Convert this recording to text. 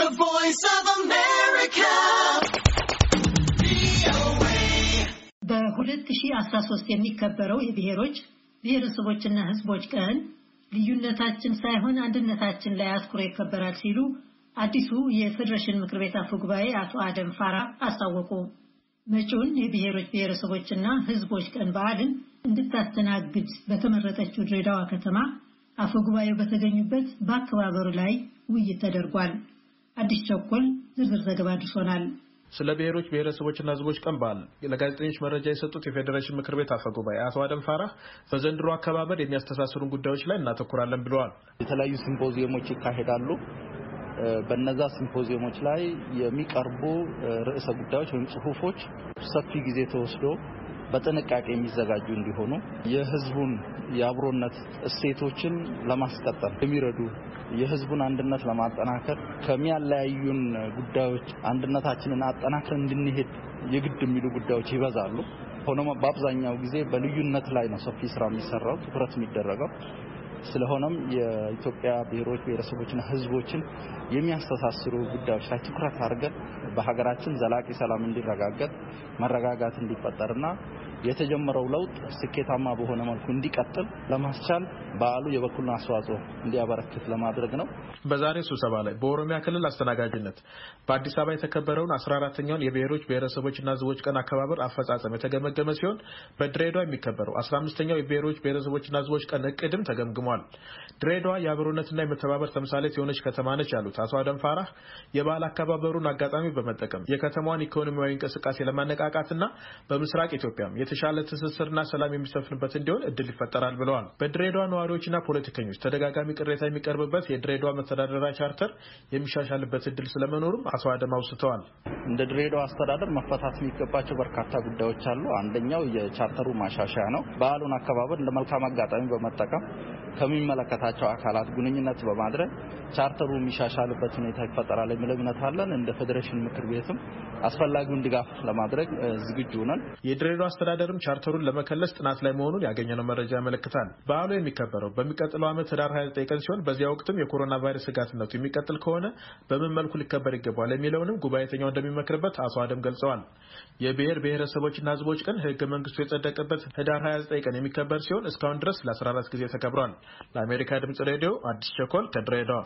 The Voice of America. አስራ 2013 የሚከበረው የብሔሮች ብሔረሰቦችና ሕዝቦች ቀን ልዩነታችን ሳይሆን አንድነታችን ላይ አትኩሮ ይከበራል ሲሉ አዲሱ የፌዴሬሽን ምክር ቤት አፈ ጉባኤ አቶ አደም ፋራ አስታወቁ። መጪውን የብሔሮች ብሔረሰቦችና ሕዝቦች ቀን በዓልን እንድታስተናግድ በተመረጠችው ድሬዳዋ ከተማ አፈ ጉባኤው በተገኙበት በአከባበሩ ላይ ውይይት ተደርጓል። አዲስ ቸኮል ዝርዝር ዘገባ አድርሶናል። ስለ ብሔሮች ብሔረሰቦችና ህዝቦች ቀን በዓል ለጋዜጠኞች መረጃ የሰጡት የፌዴሬሽን ምክር ቤት አፈ ጉባኤ አቶ አደም ፋራህ በዘንድሮ አከባበር የሚያስተሳስሩን ጉዳዮች ላይ እናተኩራለን ብለዋል። የተለያዩ ሲምፖዚየሞች ይካሄዳሉ። በነዛ ሲምፖዚየሞች ላይ የሚቀርቡ ርዕሰ ጉዳዮች ወይም ጽሁፎች ሰፊ ጊዜ ተወስዶ በጥንቃቄ የሚዘጋጁ እንዲሆኑ የህዝቡን የአብሮነት እሴቶችን ለማስቀጠል የሚረዱ የህዝቡን አንድነት ለማጠናከር ከሚያለያዩን ጉዳዮች አንድነታችንን አጠናክር እንድንሄድ የግድ የሚሉ ጉዳዮች ይበዛሉ። ሆኖም በአብዛኛው ጊዜ በልዩነት ላይ ነው ሰፊ ስራ የሚሰራው፣ ትኩረት የሚደረገው። ስለሆነም የኢትዮጵያ ብሔሮች ብሔረሰቦችና ህዝቦችን የሚያስተሳስሩ ጉዳዮች ላይ ትኩረት አድርገን በሀገራችን ዘላቂ ሰላም እንዲረጋገጥ መረጋጋት እንዲፈጠርና የተጀመረው ለውጥ ስኬታማ በሆነ መልኩ እንዲቀጥል ለማስቻል በዓሉ የበኩሉን አስተዋጽኦ እንዲያበረክት ለማድረግ ነው። በዛሬው ስብሰባ ላይ በኦሮሚያ ክልል አስተናጋጅነት በአዲስ አበባ የተከበረውን አስራ አራተኛውን የብሔሮች ብሔረሰቦችና ህዝቦች ቀን አከባበር አፈጻጸም የተገመገመ ሲሆን በድሬዳዋ የሚከበረው አስራ አምስተኛው የብሔሮች ብሔረሰቦችና ህዝቦች ቀን እቅድም ተገምግሟል። ድሬዳዋ የአብሮነትና የመተባበር ተምሳሌት የሆነች ከተማ ነች ያሉት አቶ አደም ፋራህ የበዓል አከባበሩን አጋጣሚ በመጠቀም የከተማዋን ኢኮኖሚያዊ እንቅስቃሴ ለማነቃቃትና በምስራቅ ኢትዮጵያም የተሻለ ትስስርና ሰላም የሚሰፍንበት እንዲሆን እድል ይፈጠራል ብለዋል። በድሬዳዋ ነዋሪዎችና ፖለቲከኞች ተደጋጋሚ ቅሬታ የሚቀርብበት የድሬዳዋ መተዳደሪያ ቻርተር የሚሻሻልበት እድል ስለመኖሩም አቶ አደም አውስተዋል። እንደ ድሬዳዋ አስተዳደር መፈታት የሚገባቸው በርካታ ጉዳዮች አሉ። አንደኛው የቻርተሩ ማሻሻያ ነው። በዓሉን አከባበር እንደ መልካም አጋጣሚ በመጠቀም ከሚመለከታቸው አካላት ግንኙነት በማድረግ ቻርተሩ የሚሻሻልበት ሁኔታ ይፈጠራል የሚል እምነት አለን። እንደ ፌዴሬሽን ምክር ቤትም አስፈላጊውን ድጋፍ ለማድረግ ዝግጁ ነን። የድሬዳዋ አስተዳደርም ቻርተሩን ለመከለስ ጥናት ላይ መሆኑን ያገኘነው መረጃ ያመለክታል። በዓሉ የሚከበረው በሚቀጥለው ዓመት ህዳር 29 ቀን ሲሆን በዚያ ወቅትም የኮሮና ቫይረስ ስጋትነቱ የሚቀጥል ከሆነ በምን መልኩ ሊከበር ይገባል የሚለውንም ጉባኤተኛው እንደሚመክርበት አቶ አደም ገልጸዋል። የብሔር ብሔረሰቦችና ህዝቦች ቀን ህገ መንግስቱ የጸደቀበት ህዳር 29 ቀን የሚከበር ሲሆን እስካሁን ድረስ ለ14 ጊዜ ተከብሯል። ለአሜሪካ ድምጽ ሬዲዮ አዲስ ቸኮል ከድሬዳዋ